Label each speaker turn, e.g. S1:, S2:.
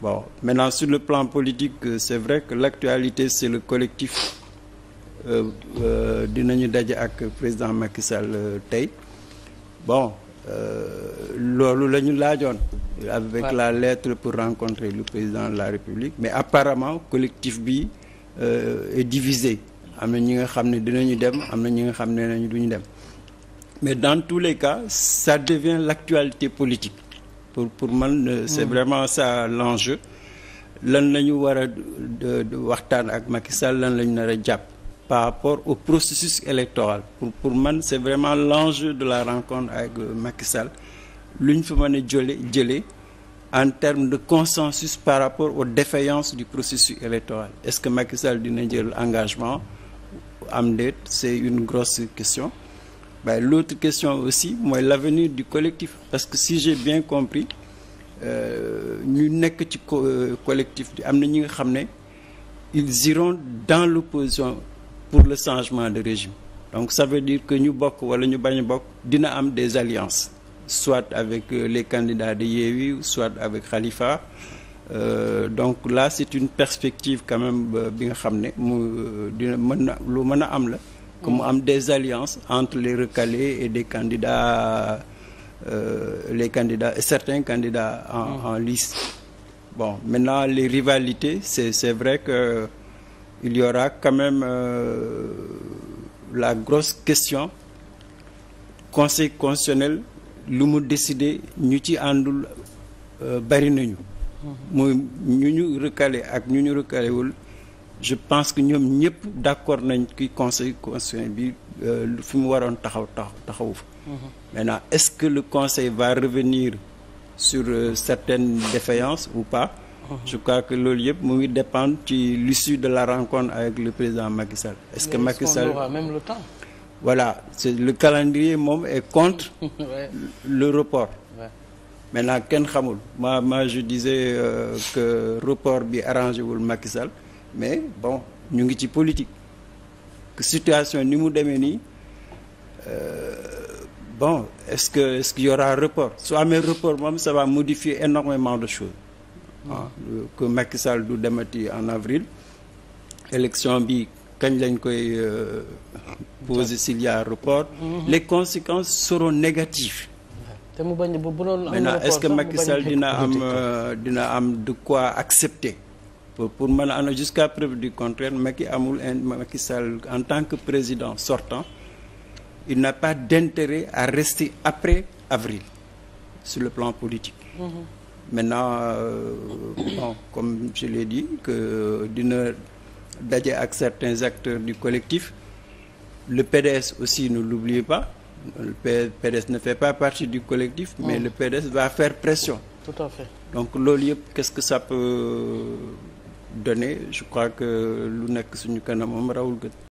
S1: Bon, maintenant, sur le plan politique, euh, c'est vrai que l'actualité, c'est le collectif euh, euh, dinañu daje ak président Macky tey bon loolu lañu ñu laajoon avec ouais. la lettre pour rencontrer le président de la République mais apparemment collectif bi euh, est divisé am na ñi nga xam ne dinañu dem am na ñi nga xam ne nañu ñu dem mais dans tous les cas ça devient l'actualité politique pour pour man euh, c'est mm. vraiment ça l'enjeu lan la ñu war a waxtaan ak Macky lan la ñu nar a jàpp par rapport au processus électoral pour pour man c'est vraiment l'enjeu de la rencontre avec euh, Macky lu ñu fa mën a jëlee jëlee en termes de consensus par rapport aux défaillances du processus électoral est-ce que Macky Sall dina jël engagement am déet c'est une grosse question Ben, L'autre question aussi, moi, l'avenir du collectif. Parce que si j'ai bien compris, euh, ñu nekk ci euh, collectif bi am na ñi nga xam ne ils iront dans l'opposition pour le changement de régime donc ça veut dire que ñu bokk wala ñu bañ a bokk dina am des alliances soit avec euh, les candidats de Yewwi soit avec Khalifa euh, donc là c'est une perspective quand même bi nga xam ne mu dina mën na lu mën a am la que am des alliances entre les recalés et des candidats euh, les candidats certains candidats en, mm. en lice bon maintenant les rivalités c'est c'est vrai que il y aura quand même euh, la grosse question conseil constitutionnel lu mu décidé ñu ci àndul euh, bari nañu. Mm-hmm. muy ñu ñu recalé ak ñu ñu recalé wul je pense que ñoom ñëpp d'accord nañ ki conseil constitutionnel bi euh, fi mu waroon taxaw taxaw taxawu fa. Mhm. maintenant est-ce que le conseil va revenir sur euh, certaines défaillances ou pas. Mhm. je crois que loolu yëpp mu ngi dépendre ci l'issue de la rencontre avec le président Macky est-ce que Macky Sall aura même voilà c'est le calendrier moom est contre. le report. mais maintenant kenn xamul ma ma je disais euh, que report bi arrangé wul Macky mais bon ñu ngi ci politique situation ni mu demee nii euh, bon est-ce que est report su amee report moom ça va modifier énormément de choses ah que Macky du demati en avril élection bi kañ lañ koy euh, poser s'il y a report mhm. les conséquences seront négatives maintenant est-ce que Macky Sall dina am euh, dina am de quoi accepter pour pour mën a jusqu'à tant que président sortant il n'a pas d'intérêt à rester après avril sur le plan politique mmh. maintenant euh, bon comme je l'ai dit que dina daje ak certains acteurs du collectif le PDS aussi ne l'oubliez pas le PDS ne fait pas partie du collectif mais mm. le PDS va faire pression donc loolu yëpp qu'est-ce que ça peut données je crois que lu nekk suñu kanamam rawul gën